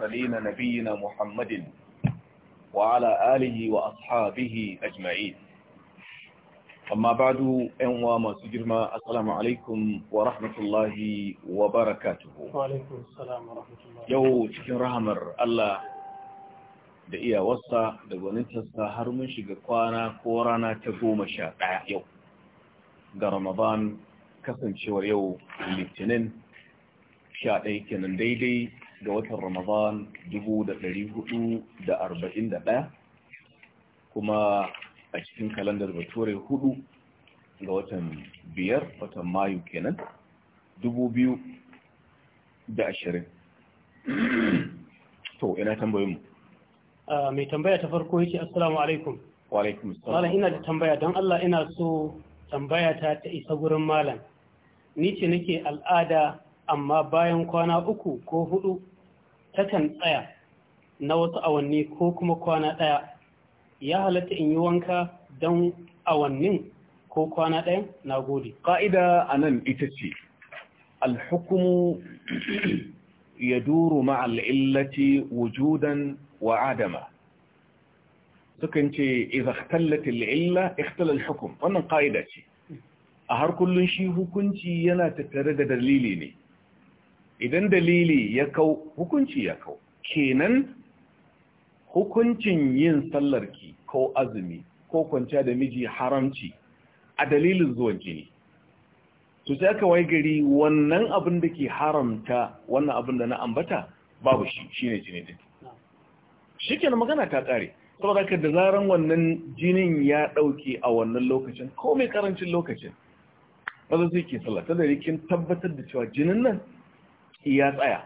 المرسلين نبينا محمد وعلى آله وأصحابه أجمعين أما بعد أنوى ما سجرما السلام عليكم ورحمة الله وبركاته وعليكم السلام ورحمة الله يو تكن رحمر الله da iyawarsa da gwanintarsa har mun shiga kwana ko rana ta goma sha ɗaya yau ga ramadan kasancewar yau litinin sha ɗaya kenan daidai ga watan Ramadan 1441 kuma a cikin kalandar bature hudu ga watan biyar watan Mayu kenan 2020 to ina tambayin mu ah, mai tambaya ta farko yake assalamu alaikum wa alaikum assalam malam ina da tambaya don Allah ina so tambaya ta ta isa gurin malam ni ce nake al'ada amma bayan kwana uku ko hudu takan tsaya na wasu awanni ko kuma kwana ɗaya ya halatta in yi wanka don awannin ko kwana ɗayan na gode. ƙa'ida a nan ita ce alhukumu ya duru ma'al'illaci wujudan wa adama sukan ce izaktallatil illa ikhtalal hukum wannan ƙa'ida ce a har kullun shi hukunci yana tattare da dalili ne idan dalili ya kau hukunci ya kau kenan hukuncin yin sallarki ko azumi ko kwanciya da miji haramci a dalilin zuwan jini to sai aka wai gari wannan abin da ke haramta wannan abin da na ambata babu shi shine jini din shikenan magana ta kare saboda ka da zaran wannan jinin ya dauke a wannan lokacin ko mai karancin lokacin wanda zai ke sallah ta da kin tabbatar da cewa jinin nan ya tsaya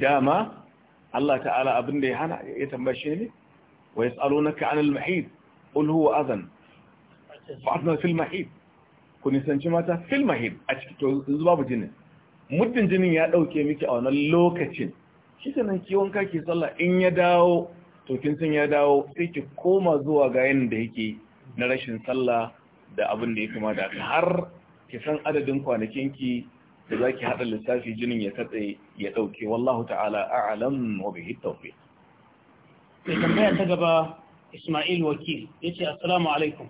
dama Allah ta'ala abin da ya hana ya tambaye ne wa yas'alunaka 'anil mahid qul huwa azan. fa'atna fil mahid ku mata fil mahid a cikin to yanzu babu jinin muddin jinin ya dauke miki a wannan lokacin shi sanan ki wanka ki sallah in ya dawo to kin san ya dawo sai ki koma zuwa ga yanda da yake na rashin sallah da abin da ya da har ki san adadin kwanakin ki da zaki hada lissafi jinin ya katse ya dauke wallahu ta'ala a'lam wa bihi tawfiq sai tambaya ta gaba Ismail Wakil yace assalamu alaikum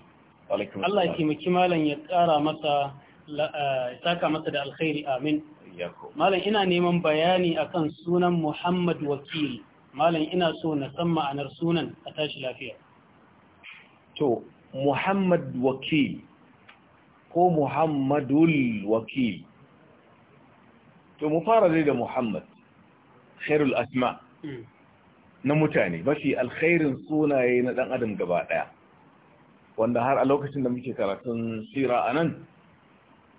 wa alaikum Allah ya taimaki malam ya kara masa eh, saka masa da alkhairi amin malam ina neman bayani akan sunan Muhammad Wakil malam ina so na san ma'anar sunan a tashi lafiya to Muhammad Wakil ko Muhammadul Wakil to mu fara dai da Muhammad khairul asma na mutane mafi alkhairin sunaye na dan adam gaba daya wanda har a lokacin da muke karatun sira anan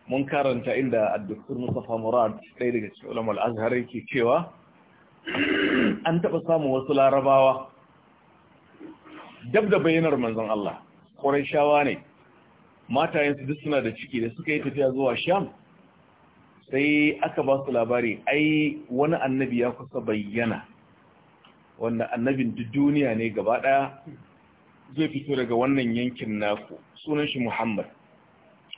mun karanta inda Addu'kur Mustafa Murad ɗaya daga cikin ulama al-Azhar yake cewa an taɓa samun wasu larabawa dab da bayyanar manzon Allah Qurayshawa ne matayensu duk suna da ciki da suka yi tafiya zuwa Sham sai aka ba su labari ai wani annabi ya kusa bayyana wanda annabin duk duniya ne gaba daya zai fito daga wannan yankin naku sunan shi muhammad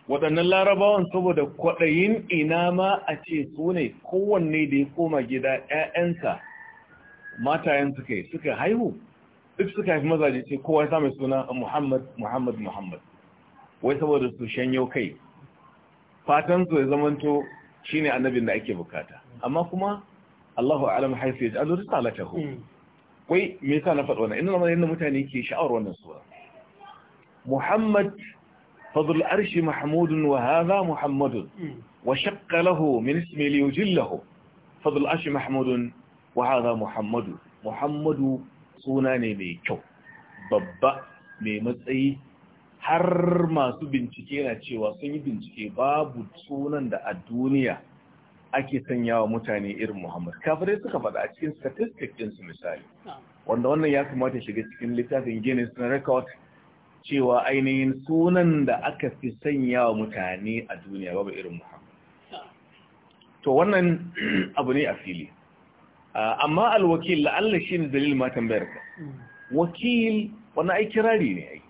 waɗannan larabawan saboda kwaɗayin ina ma a ce sune, kowanne da ya koma gida ƴaƴansa, matayen suka suka haihu duk suka haifi mazaje ce kowa ya mai suna muhammad muhammad muhammad wai saboda su shanyo kai fatan su ya zamanto shine annabin da ake bukata amma kuma Allahu a'lam haifu ya ja'alu risalatahu mm. wai me yasa na faɗa wannan inna ma yanda mutane ke sha'awar wannan sura Muhammad fadl arshi mahmud wa hadha muhammadun mm. wa shaqqa lahu min ismi li yujillahu fadl arshi mahmud wa hadha muhammadu muhammadu suna ne mai kyau babba mai matsayi har masu bincike na cewa sun yi bincike babu sunan da a duniya ake sanyawa mutane irin Muhammad. Kafirai suka faɗa a cikin statistic su misali. Wanda wannan ya kamata shiga cikin littafin Guinness na record cewa ainihin sunan da aka fi sanyawa wa mutane a duniya babu irin Muhammad. To wannan abu ne a fili. Amma alwakil la'alla shi ne dalil matan bayar ka. Mm. Wakil wani aikirari ne ai.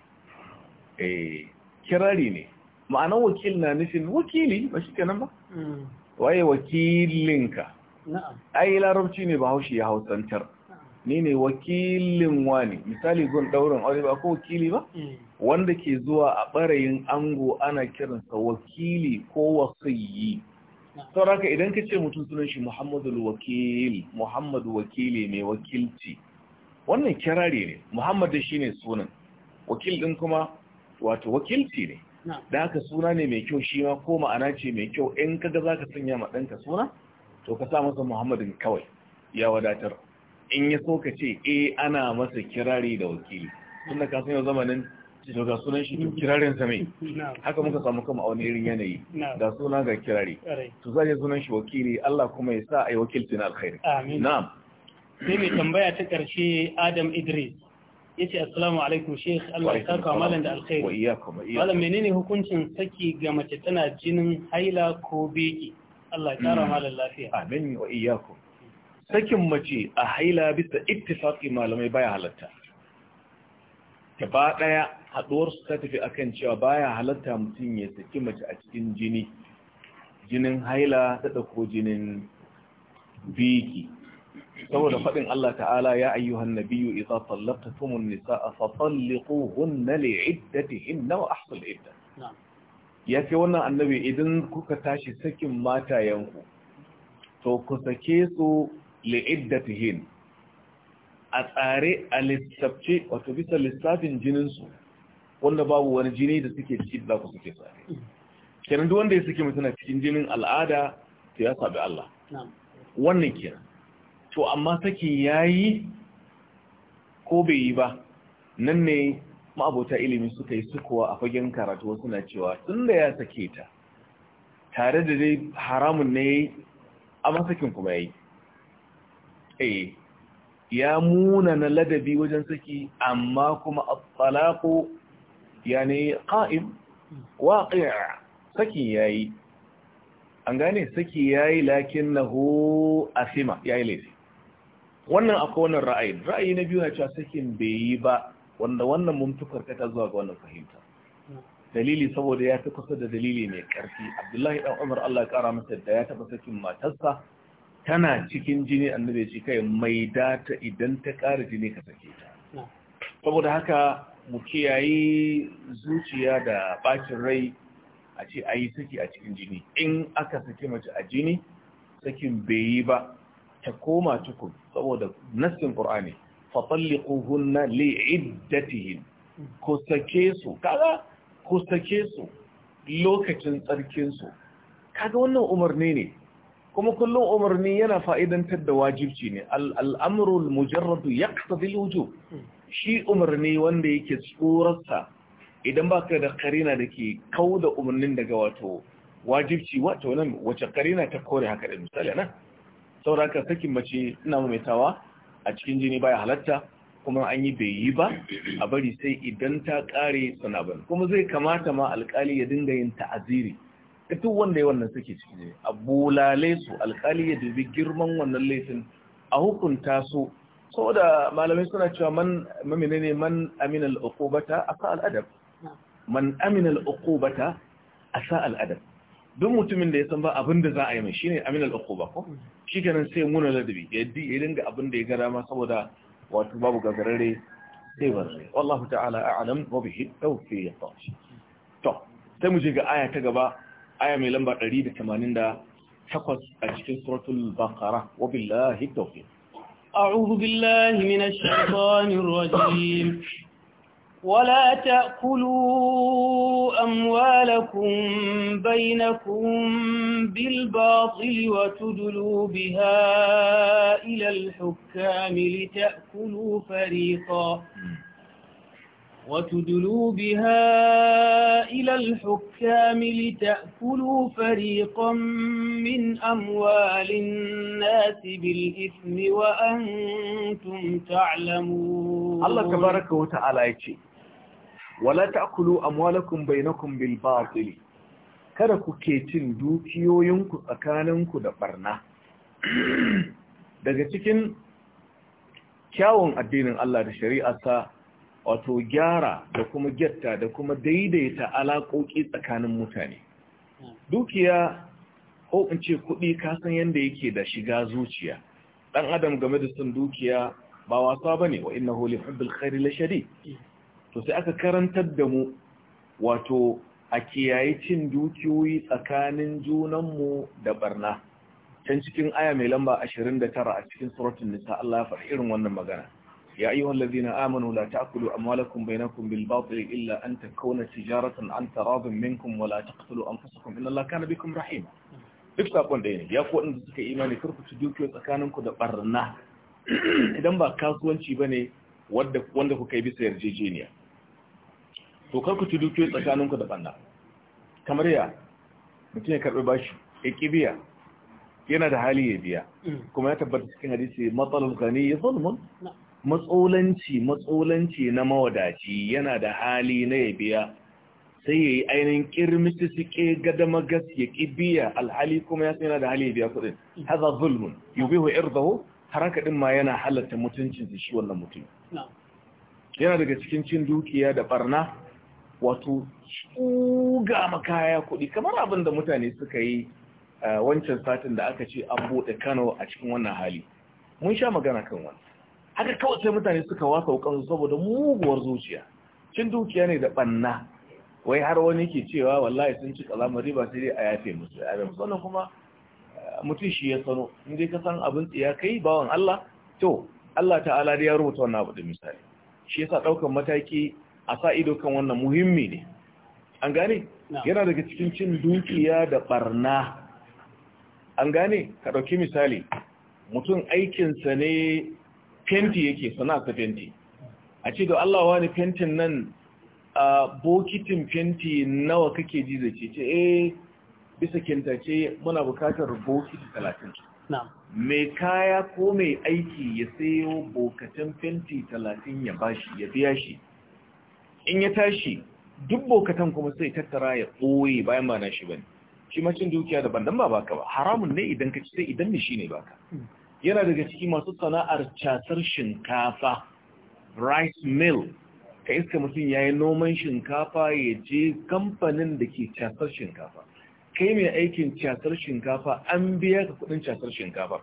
eh kirari ne ma'anar wakil na nufin wakili ba shi kenan ba hmm. waye wakilinka ai larabci ne ba haushi ya hausantar ni ne wakilin wani misali gun daurin aure ba ko wakili ba hmm. wanda ke zuwa a barayin ango ana kiransa wakili ko wasiyi sauraka idan ka ce mutum sunan shi muhammadu wakil muhammadu wakili mai wakilci wannan kirari ne muhammadu shine sunan wakil din kuma wato wakilci ne da aka suna ne mai kyau shi ma ko ma'ana ce mai kyau in kaga za ka sanya ma ɗanka suna to ka sa masa muhammadin kawai ya wadatar in ya so ka ce e ana masa kirari da wakili tun da kasan yau zamanin to ga sunan shi to kirarin sa mai haka muka samu kama a wani irin yanayi ga suna ga kirari to zai sunan shi wakili Allah kuma ya sa a yi wakilci na alkhairi na'am sai mai tambaya ta ƙarshe Adam Idris yace assalamu alaikum sheikh Allah ya saka malam da alkhairi wa iyyakum malam menene hukuncin saki ga mace tana jinin haila ko beki Allah ya kara hmm. malam lafiya amin wa iyyakum sakin mace a haila bisa ittifaqi malamai baya halatta ba daya haduwar su ta tafi akan cewa baya halatta mutum ya saki mace a cikin jini jinin haila da dauko jinin beki saboda faɗin Allah ta'ala ya ayyuhan nabiyyu idza tallaqtumun nisaa fa talliquhunna li'iddatihinna wa ahsul idda ya ce wannan annabi idan kuka tashi sakin matayenku to ku sake su li'iddatihin a tsare a lissafce wato bisa lissafin jininsu wanda babu wani jini da suke ciki da ku suke tsare mm. kenan duk wanda ya suke mutuna cikin jinin al'ada to ya sabi Allah wannan kenan to amma ya yayi ko bai yi ba nan ne ma'abota ilimi suka yi sukuwa a fagen karatu wasu na cewa tun da ya sake ta tare da dai haramun ne a masakin kuma ya yi eh ya muna na ladabi wajen saki amma kuma ya talaqu yani ƙa'im waqi' saki yi, an gane saki a Fima, asima yi laifi wannan akwai wannan ra'ayi ra'ayi na biyu na cewa sakin bai yi ba wanda wannan mumtukar ta ta zuwa ga wannan fahimta dalili saboda ya fi kusa da dalili mai karfi abdullahi dan umar allah ya kara masa da ya taɓa sakin matarsa tana cikin jini annabi ya ce kai mai data idan ta ƙara jini ka sake ta saboda haka mu kiyayi zuciya da bacin rai a ce a yi saki a cikin jini in aka saki mace a jini sakin bai yi ba ta koma tukun saboda nassin qur'ani fatalliquhunna li'iddatihin ku sake su kaga ku sake su lokacin tsarkin su kaga wannan umarni ne kuma kullum umarni yana fa'idantar da wajibci ne al'amurul mujarradu ya kasafil wujub shi umarni wanda yake tsorarsa idan baka da karina da ke umarnin daga wato wajibci wato nan wace karina ta kore haka da misali nan sauraka sakin mace ina maimaitawa a cikin jini baya halatta kuma an yi bai yi ba a bari sai idan ta kare sanaban kuma zai kamata ma alkali ya dinga yin ta'aziri duk wanda ya wannan suke cikin jini a bulale su alkali ya dubi girman wannan laifin a hukunta su saboda malamai suna cewa man mamina ne man amina a asa al'adab man amina a asa al'adab duk mutumin da ya san ba abin da za a yi mai shine amina al'uquba ko shi ganin sai muna ladabi ya dinga abin da ya gara ma saboda wato babu gagarare sai barre wallahu ta'ala a'lam wa bihi tawfiq to sai mu je ga aya ta gaba aya mai lamba 188 a cikin suratul baqara wa billahi tawfiq a'udhu billahi minash shaitanir rajim ولا تأكلوا أموالكم بينكم بالباطل وتدلوا بها إلى الحكام لتأكلوا فريقا وتدلوا بها إلى الحكام لتأكلوا فريقا من أموال الناس بالإثم وأنتم تعلمون الله تبارك وتعالى يتشي wala ta'kulu amwalakum bainakum bil batil kada ku ke cin dukiyoyinku tsakaninku da barna daga cikin kyawun addinin Allah da shari'arsa wato gyara da kuma gyatta da kuma daidaita alaƙoƙi tsakanin mutane dukiya ko in ce kuɗi kasan yadda yake da shiga zuciya ɗan adam game da sun dukiya ba wasa ba ne wa inna holi hubbil khairi la shari to sai aka karantar da mu wato a kiyaye cin dukiyoyi tsakanin junanmu da barna can cikin aya mai lamba 29 a cikin suratul nisa Allah ya faɗi irin wannan magana ya ayyuhal ladzina amanu la ta'kulu amwalakum bainakum bil batil illa an takuna tijaratan an taradun minkum wa la taqtulu anfusakum inna Allaha kana bikum duk sakon da ne ya ku da suka imani ci dukiyoyi tsakaninku da barna idan ba kasuwanci bane wanda wanda kuka yi bisa yarjejeniya to kar ku ci dukiyoyi tsakaninku da banna kamar ya mutum ya karɓi bashi ya biya. yana da hali ya biya mm. kuma ya tabbata cikin hadisi matsalar gani ya zulmun matsolanci matsolanci na mawadaci yana da hali na ya biya sai ya yi ainihin kirmisi su ke gadama gas ya biya alhali kuma ya yana da hali ya biya kuɗin mm. haza zulmun yubihu Har haraka din ma yana halatta mutuncin shi wannan mutum yana daga cikin cin dukiya da barna wato tsuga makaya kuɗi kamar abin da mutane suka yi wancan satin da aka ce an buɗe kano a cikin wannan hali mun sha magana kan wani haka kawai sai mutane suka wasa wukansu saboda muguwar zuciya cin dukiya ne da ɓanna wai har wani ke cewa wallahi sun ci kalamar riba sai dai a yafe musu a yafe musu kuma mutum shi ya sano in dai ka san abin tsiya kai bawan Allah to Allah ta'ala da ya rubuta wannan abu da misali shi yasa daukan mataki a sa ido kan wannan muhimmi ne an gane yana daga cikin cin dukiya da barna an gane ka ɗauki misali mutum aikinsa ne fenti yake sana'arsa fenti a ce da Allah wani fentin nan a bokitin fenti nawa kake ji da ce eh bisa ce, muna bukatar bokiti talatin mai kaya ko mai aiki ya sayo bokatan fenti talatin ya bashi ya biya shi in ya tashi duk bokatan kuma sai tattara ya ɓoye bayan ba na shi ba ne shi macin dukiya daban dan ba baka ba haramun ne idan ka ci sai idan ne shi ne baka hmm. yana daga ciki masu sana'ar casar shinkafa rice mill ka iska mutum ya yi noman shinkafa ya je kamfanin da ke casar shinkafa kai mai aikin casar shinkafa an biya ka kudin casar shinkafa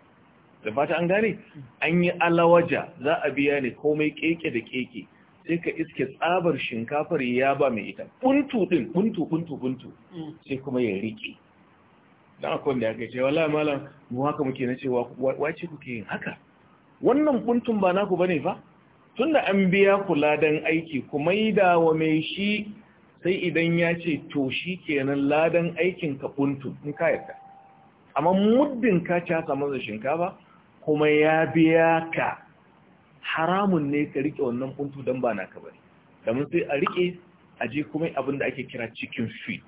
da fata an gane hmm. an yi alawaja za a biya ne komai keke da keke sai ka iske tsabar shinkafar ya ba mai ita buntu din buntu buntu buntu mm. sai kuma ya rike da akwai da yake ce wallahi malam mu haka muke na cewa wace kuke yin haka wannan buntun ba naku bane fa da an biya kula dan aiki kuma yi da wa mai shi sai idan ya ce to shi kenan ladan aikin ka buntu in ka yarda amma muddin ka ci haka shinkafa kuma ya biya ka haramun ne ka rike wannan kuntu don ba kabari, da domin sai a rike a je kuma abin da ake kira chicken feet,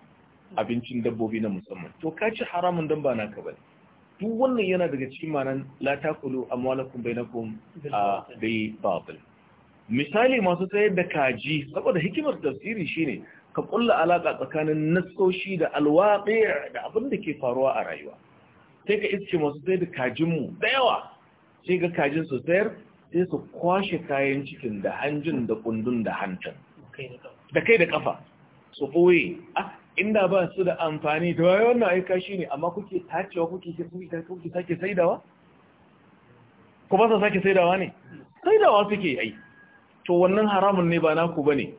abincin dabbobi na musamman to ka ci haramun don ba na kabari duk wannan yana daga cikin manan la taqulu amwalakum a bai babal misali masu tsayar da kaji saboda hikimar tafsiri shine ka kulla alaka tsakanin nasoshi da alwaqi da abin da ke faruwa a rayuwa sai ka iske masu tsayar da kajinmu da yawa sai ga kajin su sayar sai su kwashe kayan cikin da hanjin da kundun da hantar da kai da kafa su ɓoye ah, inda ba su da amfani da wayo wannan aika shi ne amma kuke tacewa kuke sake saidawa? ku ba su sake saidawa ne? saidawa suke yi to wannan haramun ne ba naku ba ne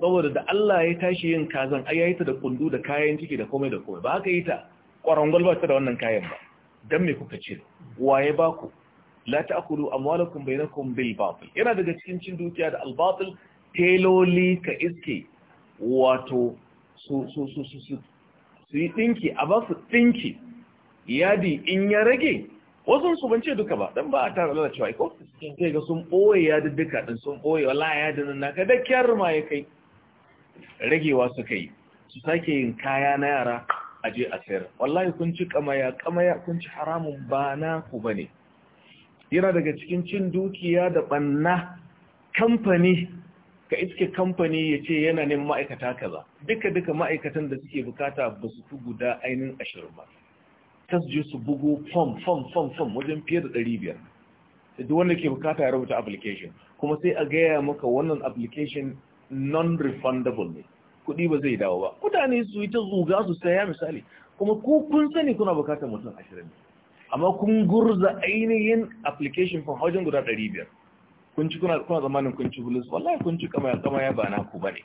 saboda da Allah ya tashi yin kazan ai yayi ta da kundu da kayan ciki da komai da komai ba haka yi ta kwarangwal ba ta da wannan kayan ba dan me kuka ce waye ba ku la ta'kulu amwalakum bainakum bil batil yana daga cikin cin dukiya da al batil teloli ka iske wato su su su su su yi dinki a ba su dinki yadi in ya rage wasu su ban duka ba dan ba a tara lalacewa ko kai ga sun boye yadi duka din sun boye wallahi yadin nan naka da kyar ma ya kai ragewa su yi su sake yin kaya na yara a je a sayar wallahi kun ci kamaya kamaya kun ci haramun ba na ku bane yana daga cikin cin dukiya da banna kamfani ka iske kamfani ya ce yana neman ma'aikata kaza duka duka ma'aikatan da suke bukata ba su fi guda ainihin ashirin ba ta su je su bugu fom fom fom wajen fiye da ɗari biyar duk wanda ke bukata ya rubuta application kuma sai a gaya maka wannan application non-refundable ne kuɗi ba zai dawo ba mutane su yi ta zuga su saya misali kuma ko kun sani kuna bukatar mutum ashirin ne amma kun gurza ainihin application form hajjin guda 500 kun ci kuna zamanin kun ci bulus wallahi kun ci kama kama ya ba ba ne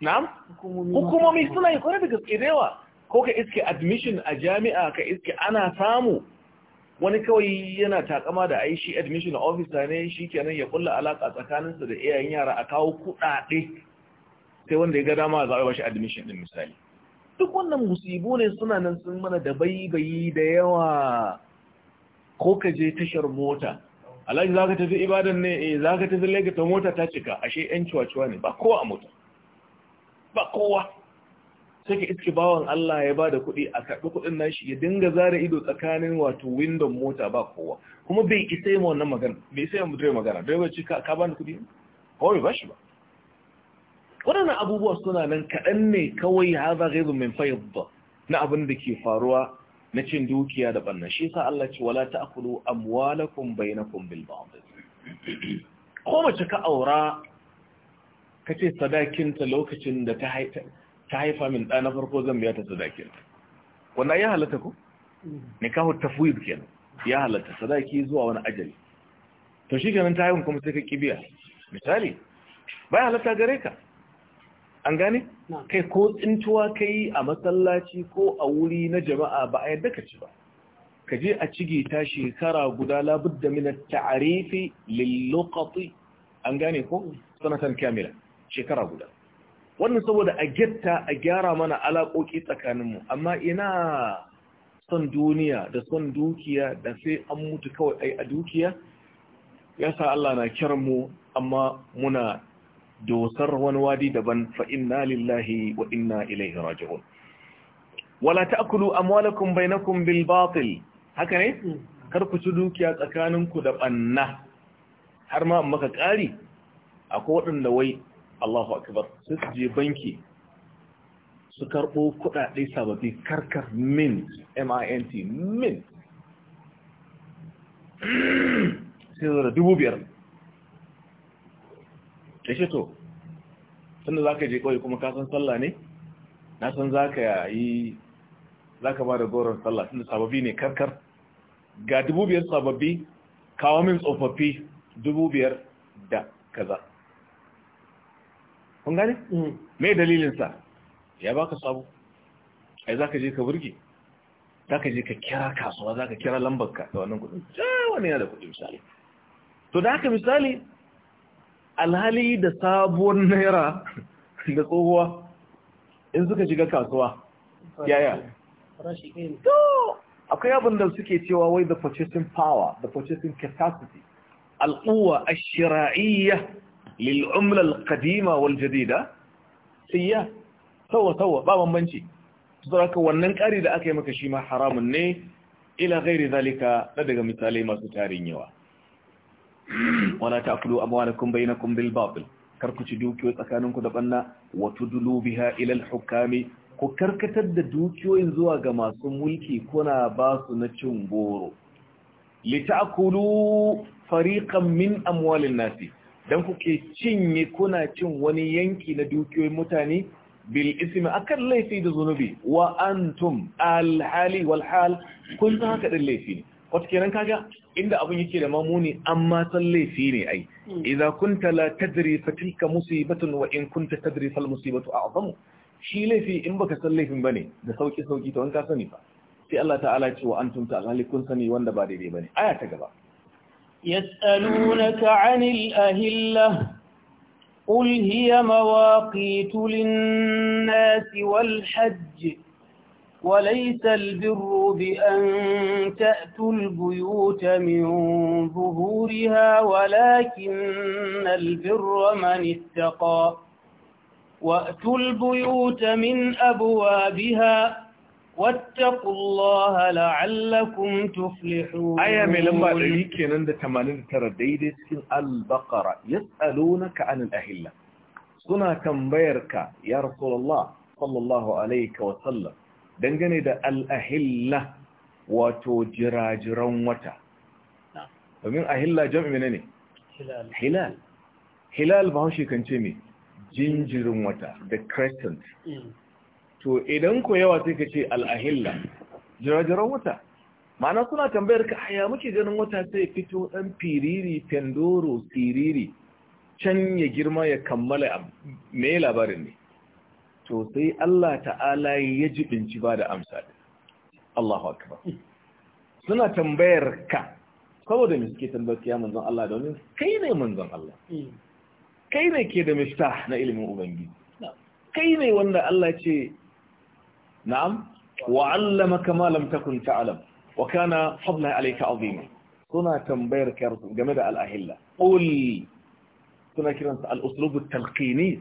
na'am hukumomi suna yi kwarar da gaske da yawa ko ka iske admission a jami'a ka iske ana samu wani kawai yana takama da aishi admission officer ne shi kenan ya kulla alaka tsakaninsa da iyayen yara a kawo kuɗaɗe sai wanda ya ga dama a zaɓe ba shi admission din misali duk wannan musibu ne suna nan sun mana da baibayi da yawa ko ka je tashar mota alhaji za ka tafi ibadan ne eh za ka tafi ta mota ta cika ashe yan cuwa-cuwa ne ba kowa a mota ba kowa sai ka iske bawan Allah ya ba da kuɗi a karɓi kuɗin nashi ya dinga zara ido tsakanin wato windon mota ba kowa kuma bai isa yi ma wannan magana bai isa yi ma magana direba ci ka ba da kuɗi ba bai ba shi ba waɗannan abubuwa suna nan kaɗan ne kawai haza gaizu min fayyadda na abin da ke faruwa na cin dukiya da ɓannan shi sa Allah ce wala ta'kulu amwalakum bainakum bil ba'd ko mace ka aura kace sadakin ta lokacin da ta haifa min ɗa farko zan biya ta sadakin wannan ya halatta ku? kawo nikahu tafwid kenan ya halatta sadaki zuwa wani ajali to shi kenan ta haihun kuma sai ka kibiya misali bai halatta gare ka an gane kai ko tsintuwa kai a masallaci ko a wuri na jama'a ba a yadda ka ci ba ka je a cige ta shekara guda labar da minar ta'arifi lil an gane ko mm. sanatan kamila shekara guda wannan saboda a getta a gyara mana alaƙoƙi tsakaninmu amma ina son duniya da son dukiya da sai an mutu kawai ai a dukiya ya sa Allah na kiran mu amma muna dosar wani wadi daban fa'in na lillahi wa inna ilaihi raji'un wala ta'kulu amwalakum bainakum bainakun batil haka ne hmm. kar ku ci dukiya tsakaninku da banna har ma maka kari akwai waɗanda wai Allahu akbar sai su je banki su karɓo kuɗaɗe sababi karkar mint mint sai zara dubu biyar ya ce to tunda za ka je kawai kuma kasan sallah ne na san za ka yi za ka ba da goron sallah tunda sababi ne karkar ga dubu biyar sababi kawo min tsofaffi dubu biyar da kaza kun gani? Mm. me dalilinsa ya baka sabu, ai za ka je ka burge za ka je ka kira kasuwa za ka kira lambarka da wannan kudin ja wani yana da kudin misali to da haka misali alhali da sabuwar naira da tsohuwa in suka shiga kasuwa yaya to akwai abin da suke cewa wai the purchasing power the purchasing capacity al'uwa ashira'iyya lil'umla al-qadima wal jadida siya tawa tawa ba bambanci saboda wannan ƙari da aka yi maka shi ma haramun ne ila gairi zalika na daga misalai masu tarin yawa wala ta'kulu amwalakum bainakum bil batil karku ci dukiyoyi tsakaninku da banna wa tudlu biha ila al hukami ku karkatar da dukiyoyin zuwa ga masu mulki kuna ba su na cin goro litakulu fariqan min amwalin nasi dan kuke cinye kuna cin wani yanki na dukiyoyin mutane bil ismi akan laifi da zunubi wa antum al hali wal hal kun haka din laifi ne wata kenan kaga inda abin yake da mamuni amma san laifi ne ai hmm. idza kunta la tadri fa tilka musibatun wa in kunta tadri fal musibatu a'zamu shi laifi in baka san laifin bane da sauki sauki to in ka sani fa sai Allah ta'ala ya ce wa antum ta'lamu kun sani wanda ba daidai bane aya ta gaba yas'alunaka 'anil ahillah قل هي مواقيت للناس والحج وليس البر بأن تأتوا البيوت من ظهورها ولكن البر من اتقى وأتوا البيوت من أبوابها واتقوا الله لعلكم تفلحون أي من لما ذلك أن تمانين ترديد سن البقرة يسألونك عن الأهلة سنة تنبيرك يا رسول الله صلى الله عليه وسلم dangane da al'ahilla wato jirajiran wata domin ahilla jam'i ne ne hilal hilal ba haushe kan ce mai jinjirin wata the crescent mm. to idan ko yawa sai ka ce al'ahilla jirajiran wata ma'ana suna tambayar ka haya muke ganin wata sai fito ɗan firiri pendoro firiri, can ya girma ya kammala me labarin ne to sai Allah ta'ala ya binci ba da amsa Allahu akbar suna tambayar ka saboda me suke tambayar ya manzon Allah domin kai ne manzon Allah hmm. kai ne ke da miftah na ilimin ubangiji kai ne wanda Allah ce na'am wa 'allamaka ma lam takun ta'lam wa kana fadla alayka 'azima suna tambayar ka game da al-ahilla qul suna kiransa al'uslubu talqini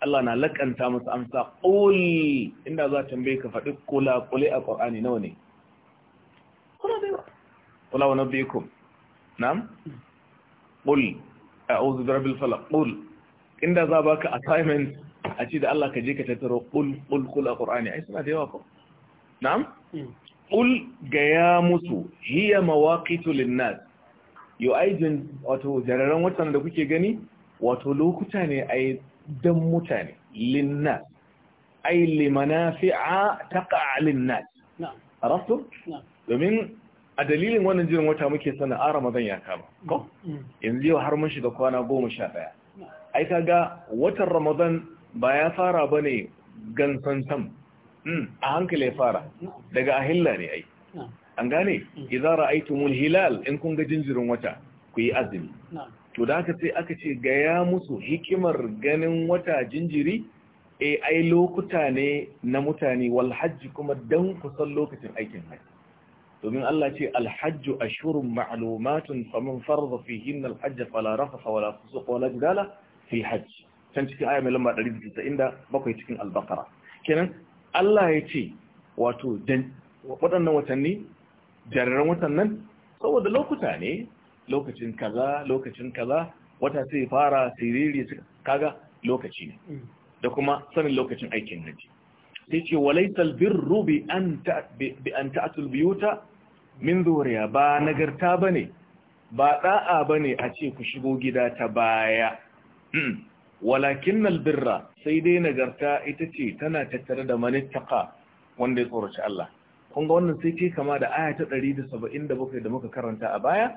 Allah na laƙanta masa amsa qul inda za tambaye ka faɗi ƙula ƙuli a qur'ani nawa ne kula bai kula wa nabiyikum na'am qul a'udhu bi rabbil falaq qul inda za ba ka assignment a ci da Allah ka je ka tattaro qul qul a qur'ani ai suna da yawa ko na'am hmm. qul gaya musu hiya mawaqitu lin-nas yo ai wato jararan watan da kuke gani wato lokuta ne yi don mutane linnas ai ta taqa linnas arabtu domin a dalilin wannan jirin wata muke sana a ramadan ya kama ko mm. Mm. yanzu yau har mun shiga kwana goma sha ɗaya ai kaga watan ramadan ba ya fara ba ne gansantan mm. a hankali ya fara daga ahilla ne ai an gane idara ra'aytumul hilal in kun ga jinjirin wata ku yi azumi to da aka sai aka ce gaya musu hikimar ganin wata jinjiri e ai lokuta ne na mutane wal hajji kuma dan kusan lokacin aikin hajji domin Allah ce alhajju ashurun ma'lumatun faman farza fihin alhajj fala rafasa wala fusuqa wala jidala fi hajj can cikin aya mai lamba 197 cikin al-baqara kenan Allah ya ce wato waɗannan watanni jariran nan saboda lokuta ne lokacin kaza lokacin kaza wata sai fara siriri kaga lokaci ne mm. da kuma sanin lokacin aikin haji sai ce walaisal birru bi an ta'atul biyuta min zuriya ba nagarta bane ba da'a bane a ce ku shigo gida ta baya hmm. walakin birra sai dai nagarta ita ce tana tattare da manittaka wanda ya tsoraci Allah kun ga wannan sai ce kama da aya ta 177 da muka karanta a baya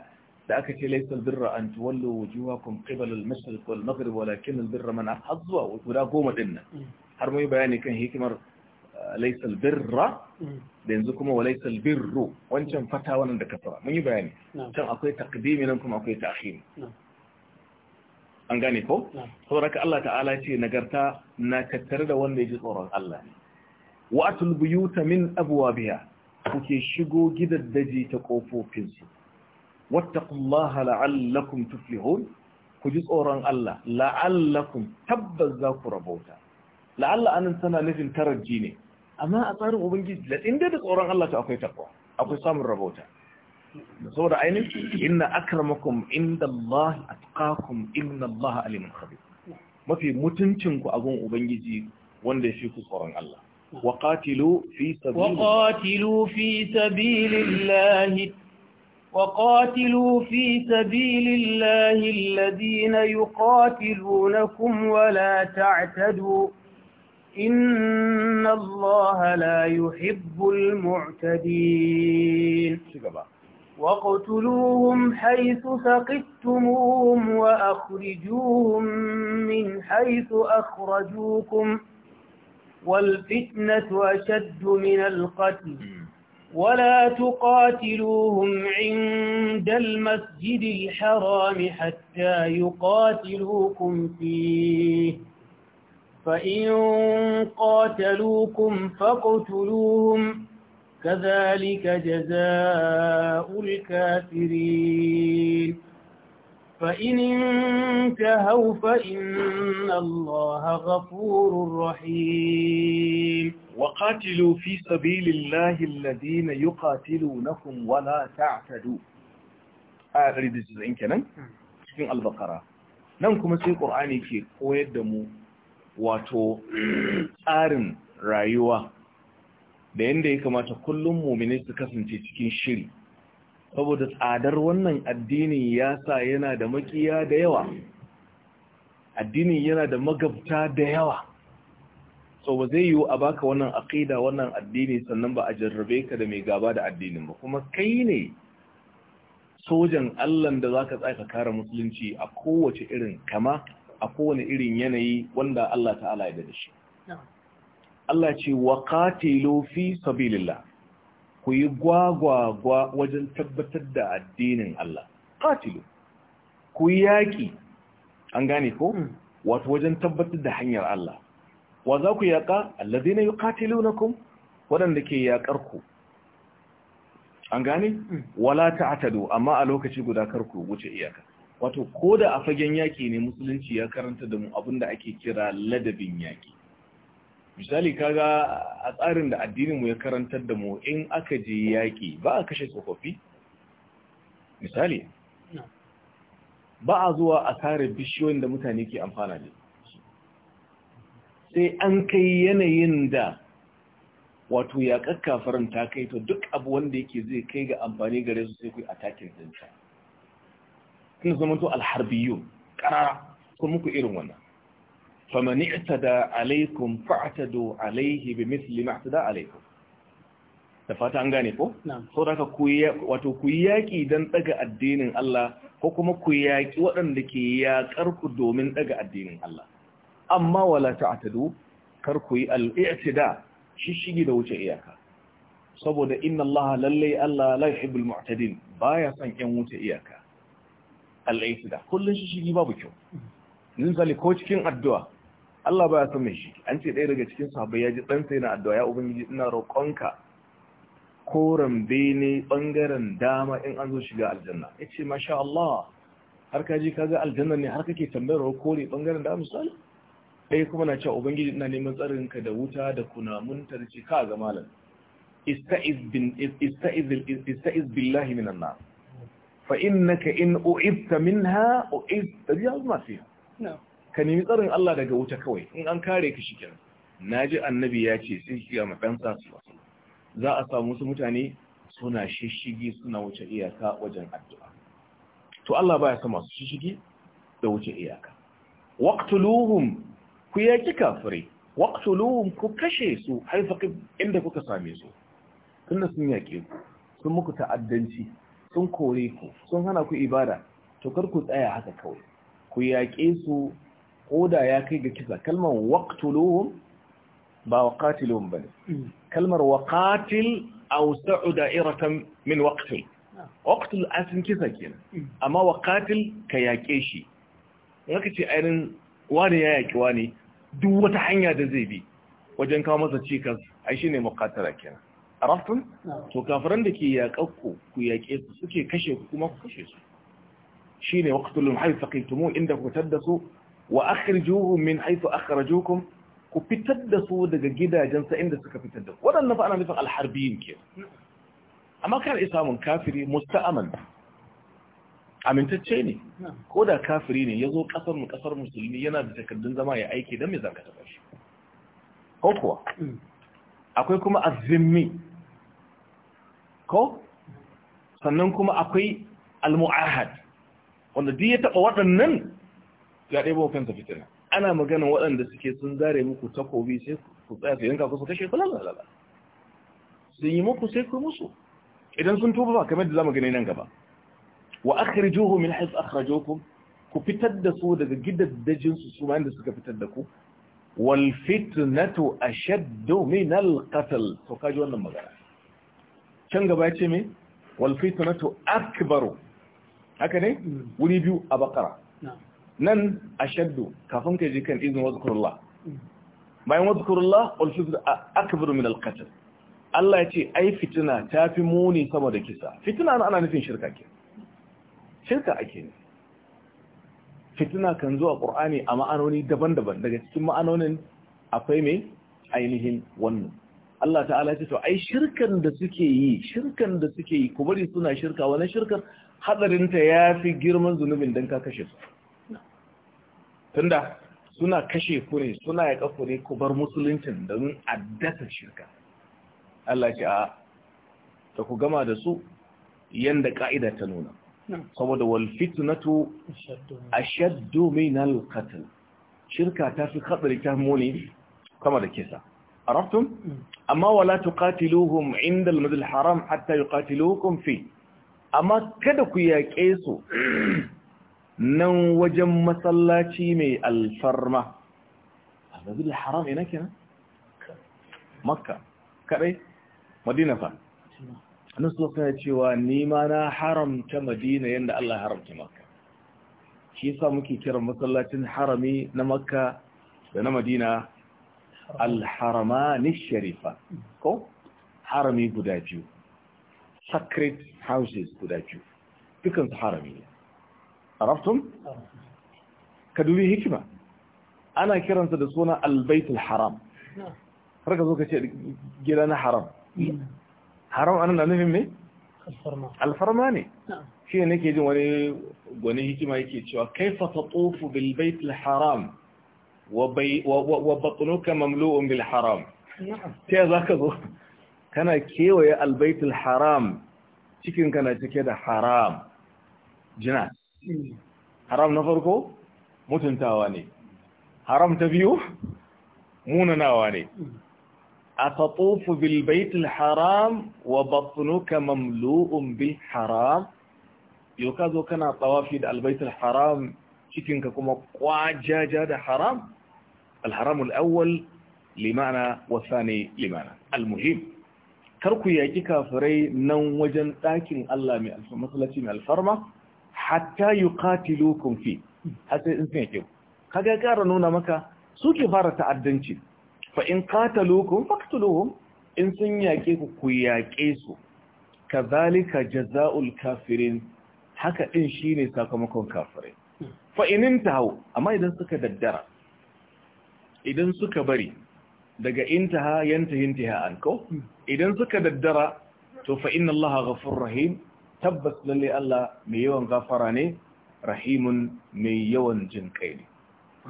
da aka ce laisa birra, an tuwallu wujuhakum qibala al-mashriq wal maghrib birra mana, har zuwa guda goma din nan mm. har mai bayani kan hikimar uh, laisa birra, mm. da yanzu kuma wa laisa birro, wancan fata wannan da kasara mun yi bayani can akwai taqdimi nan kuma akwai ta'khir an gane ko saboda Allah ta'ala ce nagarta na tattare da wanda ya ji tsoron Allah wa atul buyuta min abwabiha kuke shigo gidaddaji ta kofofinsu wattaqullaha la'allakum tuflihun ku ji tsoron Allah la'allakum tabbas za ku rabauta la'alla anan tana nufin taraji ne amma a tsarin ubangiji da inda da tsoron Allah ta akwai takwa akwai samun rabauta saboda ainihin inna akramakum inda Allah atqakum inna Allah alimun khabir mafi mutuncin ku abun ubangiji wanda ya fi ku tsoron Allah وقاتلوا في سبيل وقاتلوا في سبيل الله وقاتلوا في سبيل الله الذين يقاتلونكم ولا تعتدوا إن الله لا يحب المعتدين واقتلوهم حيث ثقفتموهم وأخرجوهم من حيث أخرجوكم والفتنة أشد من القتل ولا تقاتلوهم عند المسجد الحرام حتى يقاتلوكم فيه فإن قاتلوكم فاقتلوهم كذلك جزاء الكافرين فإن انتهوا فإن الله غفور رحيم وقاتلوا في سبيل الله الذين يقاتلونكم ولا تعتدوا آخر بسزعين كنان cikin albakara nan kuma sai ƙur'ani ke koyar da mu wato tsarin rayuwa da yadda ya kamata kullum mumini su kasance cikin shiri saboda tsadar wannan addini ya sa yana da makiya da yawa addini yana da magabta da yawa so ba zai yiwu a baka wannan aqida wannan addini sannan ba a jarrabe ka da mai gaba da addinin ba kuma kai ne sojan Allah da zaka tsaka kare musulunci a kowace irin kama a kowane irin yanayi wanda Allah ta'ala ya da shi Allah ce wa fi sabilillah ku yi gwagwagwa wajen tabbatar da addinin Allah katilu ku yaki an gane ko hmm. wato wajen tabbatar da hanyar Allah wa za ku yaƙa alladhina yuqatilunakum waɗanda ke yakar ku an gane hmm. wala ta'tadu amma a lokaci guda kar ku wuce iyaka wato koda a fagen yaki ne musulunci ya karanta da mu abinda ake kira ladabin yaki misali kaga a tsarin da addininmu ya karantar da mu in aka je yaƙi ba a kashe tsofaffi misali ba a zuwa a kare bishiyoyin da mutane ke amfana su. sai an kai yanayin da wato yaƙar kafaran ta kai to duk abu wanda yake zai kai ga amfani gare su sai ku a takin dinta kuma zama to alharbiyu Karara, kuma muku irin wannan faman i'tada alaikum fa'tadu alaihi bimithli ma i'tada alaikum da fata an gane ko so da ku wato yaki dan daga addinin Allah ko kuma ku yaki waɗanda ke ya ku domin daga addinin Allah amma wala ta'tadu kar ku yi al-i'tida shishigi da wuce iyaka saboda inna Allah lallai Allah la yuhibbul ba baya son yan wuce iyaka al kullum kullun shishigi babu kyau Ninkali ko cikin addu'a Allah baya son mai shi an ce ɗaya daga cikin sahabbai ya ji ɗansa yana addu'a ya ubangiji ina roƙonka koren bene ɓangaren dama in an zo shiga aljanna ya ce masha Allah har ka ji ka ga aljanna ne har kake tambayar kore ɓangaren dama misali ɗaya kuma na cewa ubangiji ina neman tsarinka da wuta da kunamunta da ce ka ga malam ista'iz billahi minan nar fa innaka in u'idta minha u'idta bi azma fiha ka nemi tsarin Allah daga wuta kawai in an kare ka shi kenan naji annabi ya ce sai shi ga mafansa su za a samu wasu mutane suna shishigi suna wuce iyaka wajen addu'a to Allah baya sa masu shishigi da wuce iyaka waqtuluhum ku yaki kafire waqtuluhum ku kashe su fa inda kuka same su tunda sun yake ku sun muku ta'addanci sun kore ku sun hana ku ibada to kar ku tsaya haka kawai ku yaƙe su ko ya kai ga kisa kalmar waqtuluhum ba waqatiluhum bane hmm. kalmar waqatil awsa'u da'iratan min waqtil ah. waqtil asin kisa kenan hmm. amma waqatil ka yake shi in ka ce ainin wani ya yaki wani duk wata hanya da zai bi wajen kawo masa cikas ai shine muqatala kenan arafin ah. to kafiran da ke yaƙakku ku yaƙe su suke kashe ku kuma ku kashe su shine waqtulun haythu taqitum inda ku tadda su wa akhrijuhum min haythu akhrajukum ku fitar da su daga gidajen sa inda suka fitar da waɗannan fa ana nufin alharbiyin ke amma kan isamun kafiri musta'aman amintacce ne ko da kafiri ne yazo kasar mu kasar musulmi yana da takardun zama ya aiki dan me zaka taɓa shi ko kuwa akwai kuma azimmi ko sannan kuma akwai almu'ahad wanda duk ya taɓa waɗannan ya ɗebo kansa fitina ana magana waɗanda suke sun zare muku takobi sai ku tsaya su yanka kusa kashe kula lalala sun yi muku sai ku musu idan sun tuba ba kamar da zamu gani nan gaba wa akhrijuhu min haythu akhrajukum ku fitar da su daga gidaddajin su su da suka fitar da ku wal fitnatu ashaddu min al qatl to kaji wannan magana can gaba ya ce me wal fitnatu akbaru haka ne hmm. wuri biyu a bakara nan a shaddu kafin ka ji kan izin wazkurullah bayan wazkurullah wal aka akbar min alƙatar. Allah ya ce ai fitina ta fi muni sama da kisa fitina ana nufin shirka ke shirka ake ne fitina kan zuwa qur'ani a ma'anoni daban-daban daga cikin ma'anonin akwai mai ainihin wannan Allah ta'ala ce to ai shirkan da suke yi shirkan da suke yi ku bari suna shirka wannan shirkar hadarinta ya fi girman zunubin dan ka kashe su tunda suna kashe ku ne suna ya kafu ne ku bar musuluncin don addasa shirka Allah ce a ta ku gama da su yadda ka'ida ta nuna saboda wal fitnatu ashaddu min al qatl shirka ta fi khatari ta muni kama da kisa mm. amma wala عرفتم أما ولا تقاتلوهم عند المسجد الحرام حتى يقاتلوكم amma kada ku yaƙe su. nan wajen masallaci mai alfarma A abdul haram ina kenan makka kadai madina fa annabi sallallahu alaihi cewa ni ma na haramta madina yadda Allah haramta makka shi yasa muke kiran masallacin harami na makka da na madina al-haramani sharifa ko harami guda biyu sacred houses guda biyu dukansu harami ne arabtum ka hikima ana kiransa da suna albaitul haram har ka ce gida haram haram anan da nufin ne alfarma ne shi jin wani gwani hikima yake cewa kaifa tatufu bil baitul haram wa batnuka mamlu'un bil haram ta za ka kana kewaye albaitul haram Cikinka na cike da haram haram na farko mutuntawa ne haram ta biyu munanawa ne a tatofu bilbaitul haram wa batunuka mamlu'un bil haram yau ka kana tsawafi da albaitul haram cikinka kuma kwajaja da haram alharamun awwal limana wasa limana almuhim karku yaƙi kafirai nan wajen ɗakin allah mai alfarmasalaci mai alfarmasalaci hatta yuqatilukum fi har in sun yake kaga kara nuna maka suke fara ta'addanci fa in qatalukum faqtuluhum in sun yake ku ku yake su kazalika jazaul kafirin haka din shine sakamakon kafirai fa in tahu amma idan suka daddara idan suka bari daga intaha yantahi an ko? idan suka daddara to fa inna allaha ghafurur rahim tabbas lalle Allah mai yawan gafara ne rahimun mai yawan jin kai ne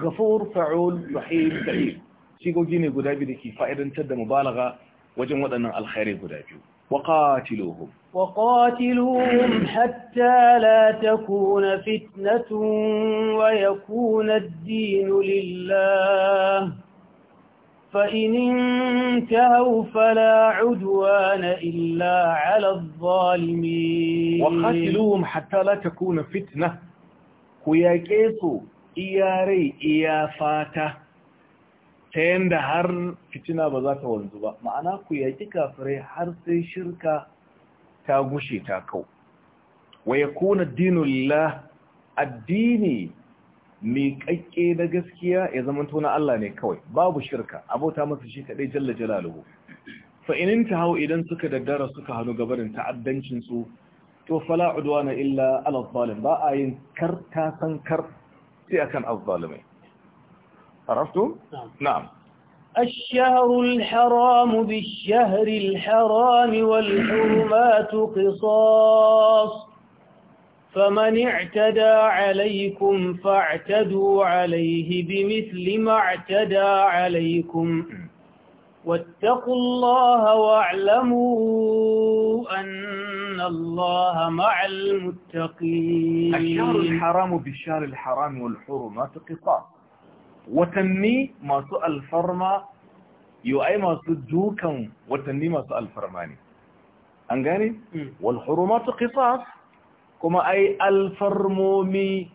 ghafur fa'ul rahim karim goji ne guda biyu dake fa'idantar da mubalagha wajen waɗannan alkhairi guda biyu وقاتلوهم وقاتلوهم حتى لا تكون فتنة ويكون الدين لله فإن انتهوا فلا عدوان إلا على الظالمين وقاتلوهم حتى لا تكون فتنة ويكيسوا إياري إيافاتا ta yadda har fitina ba za ta wanzu ba ma'ana ku yaƙi kafirai har sai shirka ta gushe ta kau wa ya addini miƙaƙƙe na gaskiya ya zama tona Allah ne kawai babu shirka abota masa shi kaɗai jalla jalaluhu fa inin ta hau idan suka daddara suka hannu gabanin ta'addancin su to fala udwana illa ala zalim ba a yin kar ta san kar sai akan azzalimai arafto na'am الشهر الحرام بالشهر الحرام والحرمات قصاص فمن اعتدى عليكم فاعتدوا عليه بمثل ما اعتدى عليكم واتقوا الله واعلموا أن الله مع المتقين الشهر الحرام بالشهر الحرام والحرمات قطاع وتنمي ما سؤال فرما يؤي ما سجوكا وتنمي ما سؤال فرماني أنقاني والحرمات قصاص kuma ai alfarmomi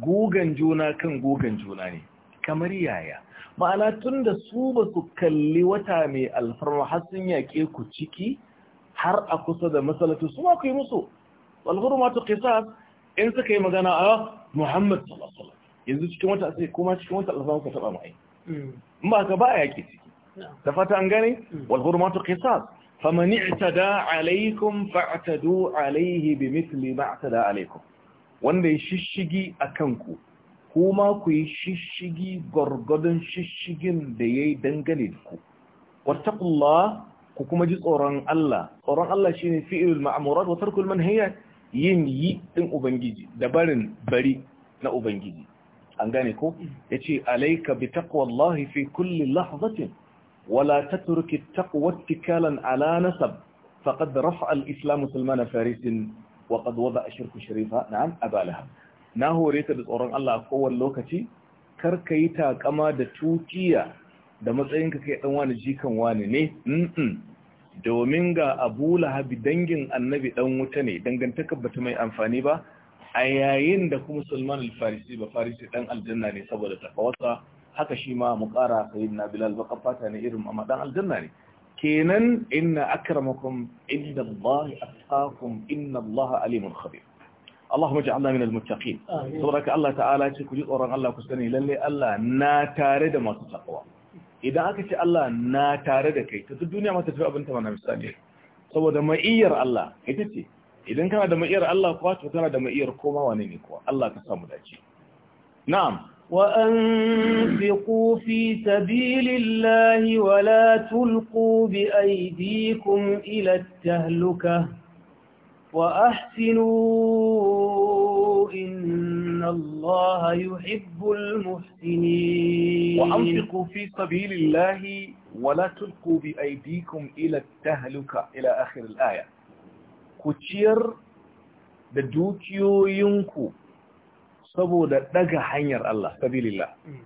gugan juna kan gugan juna ne kamar yaya ma'ana tun da su ba su kalli wata mai alfarma har sun yaƙe ku ciki har a kusa da masalatu su ma ku yi musu walhurmatu qisas in suka yi magana a Muhammad sallallahu yanzu cikin wata sai kuma cikin wata alfarma ka taba mai mm. in ba ka ba a yaƙe ciki da fata an gane mm. walhurmatu qisas faman i'tada alaikum fa'tadu alaihi bi ma i'tada alaikum wanda ya shishigi kan ku kuma ku yi shishigi gwargwadon shishigin da yayi dangane da ku wattaqullah ku kuma ji tsoron Allah tsoron Allah shine fi'lul ma'murat wa tarkul manhiyat yin yi ɗin ubangiji da barin bari na ubangiji an gane ko ce alaika bi taqwallahi fi kulli lahzatin ولا تترك التقوى اتكالا على نسب فقد رفع الإسلام سلمان فارس وقد وضع الشرك شريفا نعم أبا لها ناهو ريتا بسؤران الله قوة اللوكتي كركيتا كما دا توكيا دا مزعينك كي أوان جيكا واني ني domin ga abu lahabi dangin annabi dan wuta ne dangantaka bata mai amfani ba a yayin da kuma sulman al-farisi ba farisi dan aljanna ne saboda takawarsa haka shi ma mu ƙara na bilal baka fata ne irin amma dan aljanna ne kenan inna akramakum inda Allah atqakum inna Allah alimun khabir Allahumma ja'alna minal muttaqin saboda Allah ta'ala ce ku ji tsoron Allah ku sani lalle Allah na tare da masu takawa idan aka ce Allah na tare da kai ta duniya ma ta tafi abin ta mana misali saboda ma'iyyar Allah ita ce idan kana da ma'iyar Allah kuwa to kana da maiyar koma wane ne kuwa Allah ka samu dace na'am وأنفقوا في سبيل الله ولا تلقوا بأيديكم إلى التهلكة وأحسنوا إن الله يحب المحسنين وأنفقوا في سبيل الله ولا تلقوا بأيديكم إلى التهلكة إلى آخر الآية كتير بدوكيو ينكو saboda daga hanyar Allah sabilillah hmm.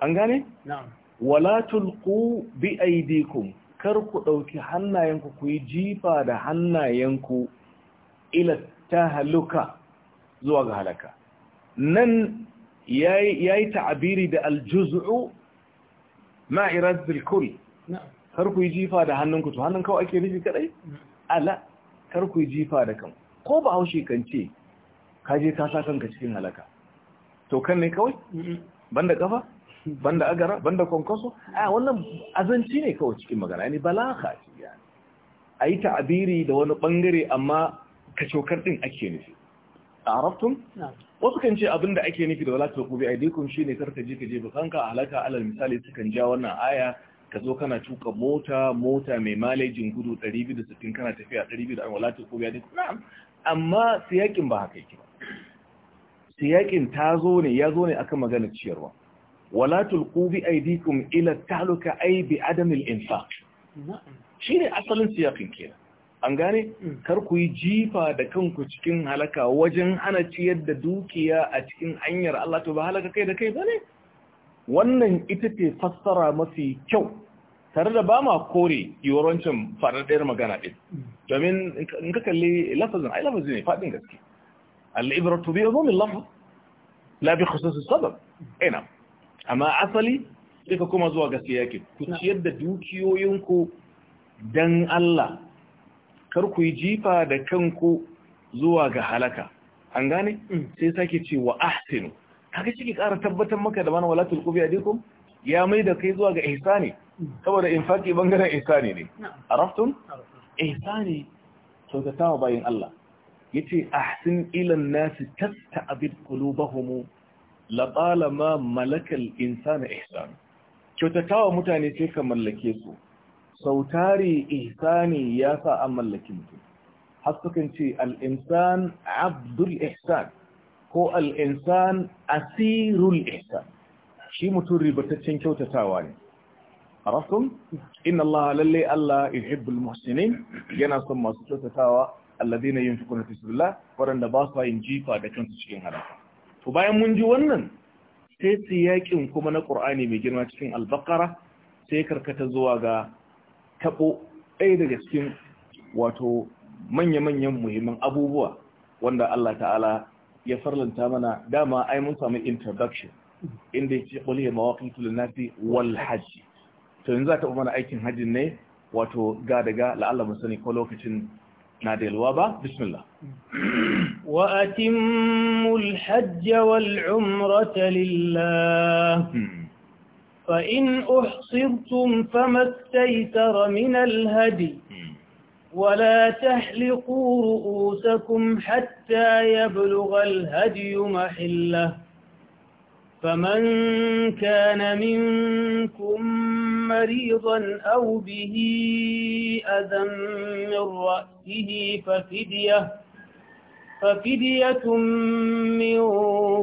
an gane na'am wala tulqu bi aydikum kar ku dauki hannayenku ku yi jifa da hannayenku ila tahluka zuwa ga halaka nan yayi ta'abiri da aljuz'u ma irad bilkul. kull kar ku yi jifa da hannunku to hannun kawai ake nufi kadai hmm. ala kar ku yi jifa da kan ko ba haushe kan ce kaje ka sa kanka cikin halaka to kan ne kawai banda kafa banda agara banda kwankwaso a wannan azanci ne kawai cikin magana yani balagha ce yani ayi ta'abiri da wani bangare amma ka chokar din ake nufi arabtum wasu kan ce abinda ake nufi da wala tuqu bi aidikum shine ka je ka je Bakanka halaka alal misali sukan ja wannan aya ka zo kana tuka mota mota mai malejin gudu 260 kana tafiya 200 an wala tuqu bi aidikum na'am amma siyakin ba haka yake ba siyakin ta zo ne ya zo ne akan maganar ciyarwa wala tulqu bi aydikum ila taluka ay bi adam al infaq shine asalin siyakin kenan an gane kar ku yi jifa da kanku cikin halaka wajen hana ciyar da dukiya a cikin hanyar Allah to ba halaka kai da kai bane wannan ita ce fassara mafi kyau tare da ba ma kore yiwuwancin faɗaɗɗiyar magana ɗin domin in ka kalli lafazin ai lafazin ne faɗin gaske al'ibratu bi umumin lafz la bi khususis sabab ina amma asali sai kuma zuwa ga siyakin ku ciyar da dukiyoyinku dan Allah kar kuyi jifa da kanku zuwa ga halaka an gane sai sake ce wa ahsinu kaga ciki ƙara tabbatar maka da mana wala tulqu bi adikum ya mai da kai zuwa ga ihsani saboda infaki bangaren ihsani ne araftum ihsani kyautatawa bayan Allah yace ahsin ila an-nas tasta'bid qulubahum laɓalama malakal insana ihsan kyautatawa mutane sai ka mallake su sautari ihsani ya sa an mallaki mutum hasukan ce insan abdul ihsan ko insan asirul ihsan shi mutum ribataccen kyautatawa ne a inna Allah lalle Allah yuhibbul muhsinin yana son masu kyautatawa alladhina yunfiquna fi sabilillah waɗanda ba su yin jifa da kansu cikin haraka. to bayan mun ji wannan sai siyakin kuma na ƙur'ani mai girma cikin al sai karkata zuwa ga tabo ɗaya daga cikin wato manya-manyan muhimman abubuwa wanda Allah ta'ala ya farlanta mana dama ai mun samu introduction inda yake qul ya mawaqitu lin-nasi wal hajj to yanzu za ta mana aikin hajjin ne wato ga daga la'alla mun sani ko lokacin نادي الوابا بسم الله وأتموا الحج والعمرة لله فإن أحصرتم فما استيسر من الهدي ولا تحلقوا رؤوسكم حتى يبلغ الهدي محله فمن كان منكم مريضا أو به أذى من رأسه ففدية ففدية من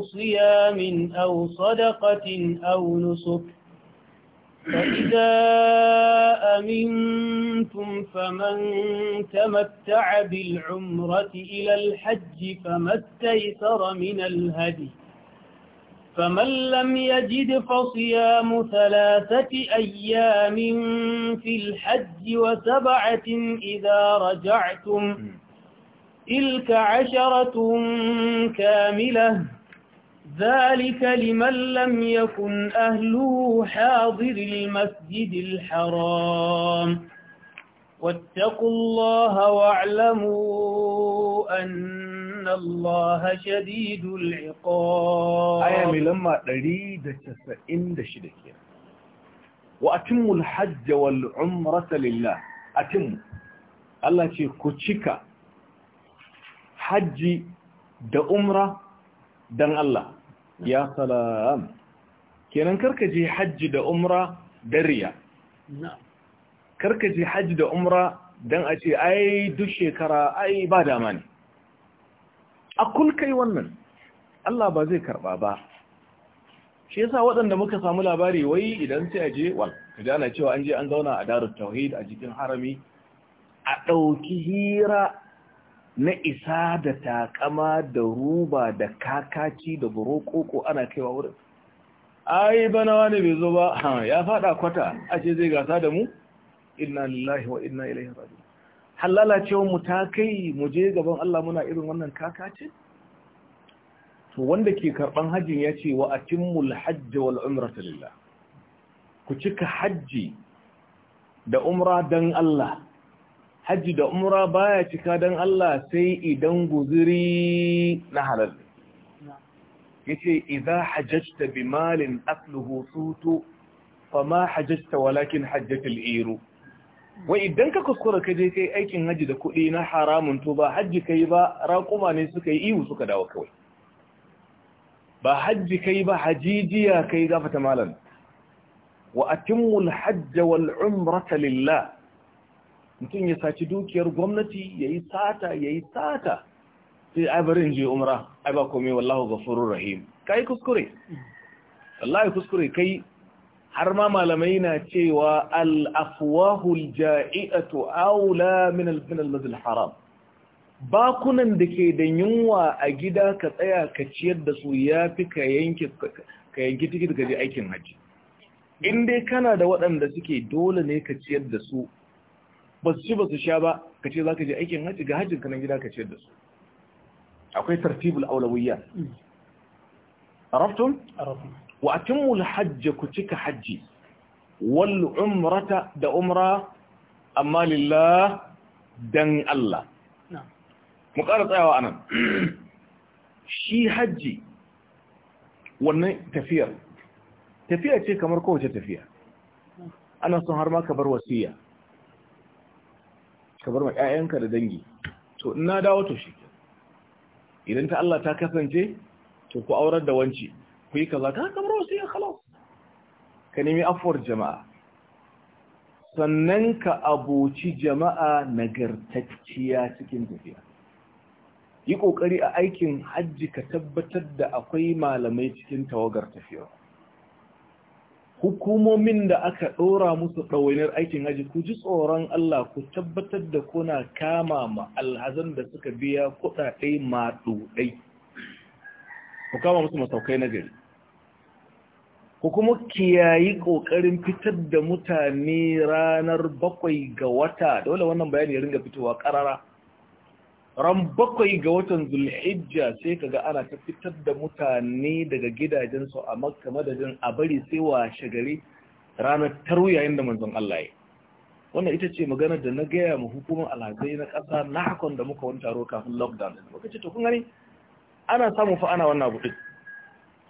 صيام أو صدقة أو نسك فإذا أمنتم فمن تمتع بالعمرة إلى الحج فما استيسر من الهدي فمن لم يجد فصيام ثلاثة أيام في الحج وسبعة إذا رجعتم تلك عشرة كاملة ذلك لمن لم يكن أهله حاضر المسجد الحرام واتقوا الله واعلموا أن إن الله شديد العقاب آية ملما أريد تسعين دشدك وأتم الحج والعمرة لله أتم الله كتشك حج da umra dan Allah ya salam kenan karka je hajji da umra dan karka je hajji da umra dan a ce ai duk shekara ai ba damani. a kai wannan Allah ba zai karba ba shi yasa waɗanda muka samu labari wai idan sai a je wal kaji ana cewa an je an zauna a darut tauhid a cikin harami a ɗauki hira na isa da takama da ruba da kakaci da burokoko ana kaiwa wurin ai bana wani bai zo ba ya fada kwata a ce zai gasa da mu inna lillahi wa inna ilaihi raji'un Halala lalacewar mu ta kai mu je gaban Allah muna irin wannan kakacin to wanda ke karban hajjin ya ce wa atimul hajji wal umrata lillah ku cika hajji da umra dan Allah hajji da umra baya cika dan Allah sai idan guziri na halal yace idza hajjata bimalin asluhu sutu ma hajjata walakin hajjatul iru wa idan ka kuskura ka je kai aikin haji da kuɗi na haramun to ba hajji kai ba raƙuma ne suka yi iwu suka dawo kawai ba hajji kai ba hajijiya kai ta malam wa atimul hajja wal umrata lillah mutum ya saci dukiyar gwamnati yayi sata yayi sata sai ai barin in je umra ai ba komai wallahu ghafurur rahim kai kuskure wallahi kuskure kai har ma malamai na cewa al'afwahul ja'i'atu aula min al haram bakunan da ke da yunwa a gida ka tsaya ka ciyar da su ya fi ka yanki tikin gaji aikin hajji in dai kana da waɗanda suke dole ne ka ciyar da su ba su ci ba su sha ba ka ce za ka je aikin hajji ga hajjin kanan gida ka ciyar da su akwai tartibul aulawiyya hmm. arabtum arabtum wa atimul hajji ku cika hajji wal umrata da umra amma lillah dan Allah mu ƙara tsayawa anan shi hajji wannan tafiyar tafiya ce kamar kowace tafiya ana son har ma ka bar wasiya ka bar ma 'ya'yanka da dangi to ina dawo to shi idan ta Allah ta kasance to ku aurar da wanci ku yi kaza ka kamar wasu ya khalas ka nemi afuwar jama'a sannan ka aboci jama'a nagartacciya cikin tafiya yi ƙoƙari a aikin hajji ka tabbatar da akwai malamai cikin tawagar tafiya hukumomin da aka ɗora musu ɗawainar aikin hajji ku ji tsoron Allah ku tabbatar da kuna kama ma alhazan da suka biya kuɗaɗe maɗuɗai ku kama musu masaukai na gari ku kuma kiyayi ƙoƙarin fitar da mutane ranar bakwai ga wata dole wannan bayani ya ringa fitowa karara ran bakwai ga watan zulhijja sai kaga ana ta fitar da mutane daga gidajensu a makka madadin a bari sai wa shagari ranar yayin da manzon Allah ya wannan ita ce maganar da na gaya ma hukumar alhazai na ƙasa na hakon da muka wani taro kafin lockdown muka ce to kun gani ana samun fa ana wannan abu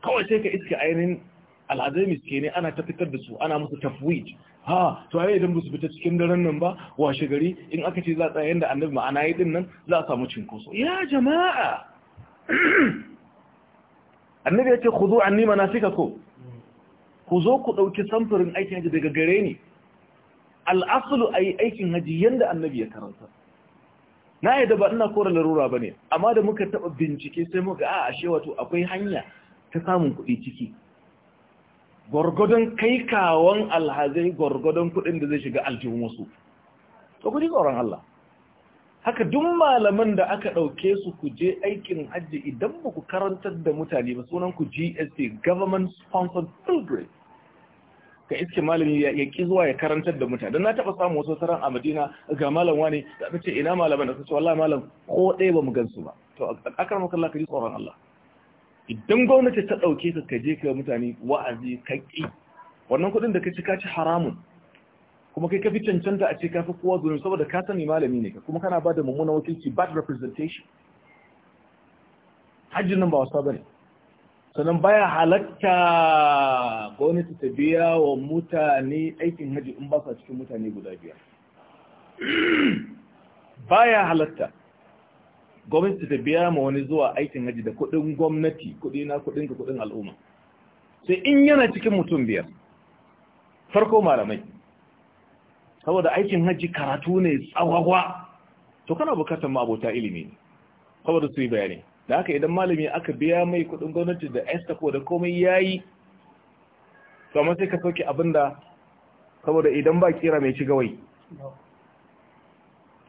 kawai sai ka iske ainihin ke ne ana ta da su ana musu tafwid ha to ai idan musu fita cikin daren nan ba washe gari in aka ce za tsaya yanda annabi ma'ana yi din nan za a samu cinkoso ya jama'a annabi ya ce na anni ko. ku zo ku ɗauki samfurin aikin haji daga gare ni a yi aikin haji yanda annabi ya karanta na yadda ba ina kora larura ne. amma da muka taba bincike sai muka a ashe wato akwai hanya ta samun kuɗi ciki gwargwadon kai kawon alhazai gwargwadon kudin da zai shiga aljihun wasu to ku ji tsoron Allah haka duk malaman da aka ɗauke su ku je aikin hajji idan ba ku karantar da mutane ba sunan ku GST government sponsored pilgrim ka iske malami ya zuwa ya karantar da mutane na taɓa samun wasu saran a Madina ga malam wani da ce ina malaman da su ce wallahi malam ko ɗaya ba mu gan su ba to akan maka Allah ka ji tsoron Allah idan gwamnati ta ɗauke ka kaje ka mutane wa'azi kaƙi wannan kuɗin da ka ci ka ci haramun kuma kai ka fi cancanta a ce ka kowa zuwa saboda ka sani malami ne ka kuma kana ba da mummuna wakilci bad representation Hajji nan ba wasa ba ne sannan baya halatta gwamnati ta biya wa mutane aikin hajji in ba su cikin mutane guda biyar baya halatta gwamnati ta biya ma wani zuwa aikin haji da kudin gwamnati kudi na kudin ka kudin al'umma sai in yana cikin mutum biyar farko malamai saboda aikin haji karatu ne tsawawa to kana bukatar ma abota ilimi ne saboda su yi bayani da haka idan malami aka biya mai kudin gwamnati da esta ko da komai yayi to amma sai ka sauke abin da saboda idan ba kira mai ci gawai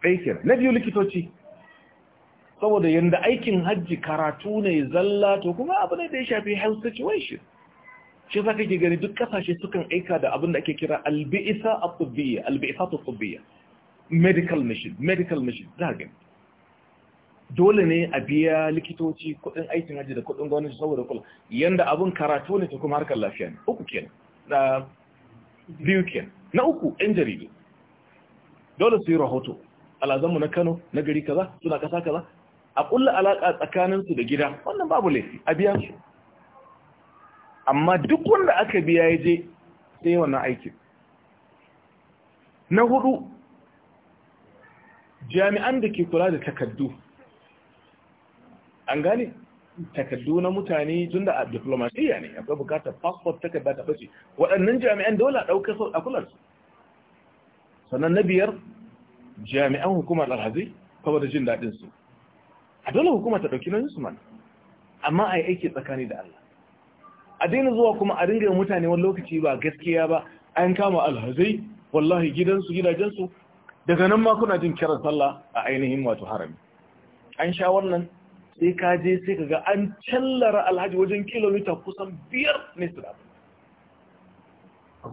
Aikin, na biyu likitoci saboda yanda aikin hajji karatu ne zalla to kuma abu ne da ya shafi health situation shi za ka ke gani duk kasashe sukan aika da abin da ake kira albi'isa a tsubbiya albi'isa ta tsubbiya medical mission medical mission za gani dole ne a biya likitoci kudin aikin hajji da kudin gwamnati saboda kula yanda abin karatu ne ta kuma harkar lafiya ne uku kenan na biyu kenan na uku yan jaridu dole su yi rahoto al'azanmu na kano na gari kaza suna kasa kaza a kulla alaƙa tsakaninsu da gida wannan babu laifi a biya su amma duk wanda aka biya ya je sai wannan aikin na hudu jami'an da ke kula da takaddu an gane takaddu na mutane tun da a diplomatiya ne akwai bukatar passport takarda ta bace waɗannan jami'an dole a ɗaukar a kular sannan na biyar jami'an hukumar alhazi kawai da jin daɗinsu a dole hukuma ta ɗauki nauyin su mana amma a yi aiki tsakani da Allah a daina zuwa kuma a ringa mutane wani lokaci ba gaskiya ba an kama alhazai wallahi gidansu gidajensu daga nan ma kuna jin kiran sallah a ainihin wato harami an sha wannan sai ka je sai ka ga an tallara alhaji wajen kilomita kusan biyar ne su akwai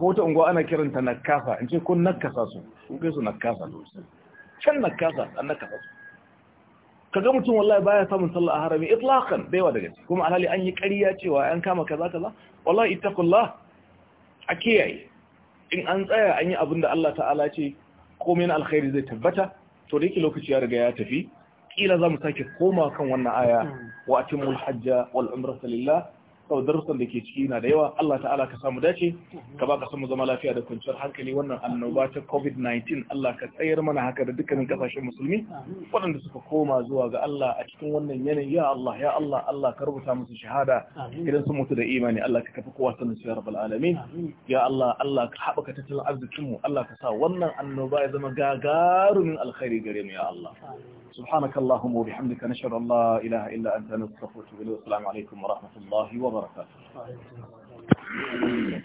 wata unguwa ana kiranta nakasa in ce kun nakasa su kun kai su nakasa can nakasa an nakasa su kaga mutum wallahi baya samun sallah a harami itlaqan baiwa daga kuma alhali an yi ƙarya cewa an kama kaza kaza wallahi ittaqullah a kiyaye in an tsaya an yi abin da Allah ta'ala ce komai na alkhairi zai tabbata to da yake lokaci ya riga ya tafi kila za mu sake koma kan wannan aya hmm. wa atimul hajja wal umrata lillah sau darussan da ke ciki na da yawa Allah ta'ala ka samu dace ka ba ka samu zama lafiya da kwanciyar hankali wannan annoba ta covid-19 Allah ka tsayar mana haka da dukkanin kasashen musulmi waɗanda suka koma zuwa ga Allah a cikin wannan yanayi ya Allah ya Allah Allah ka rubuta musu shahada idan sun mutu da imani Allah ka tafi kowa sanin su ya alamin ya Allah Allah ka haɓaka tattalin arzikin mu Allah ka sa wannan annoba ya zama gagarumin alkhairi gare mu ya Allah سبحانك اللهم وبحمدك نشهد ان لا اله الا انت نستغفرك ونتوب اليك والسلام عليكم ورحمه الله وبركاته وبركاته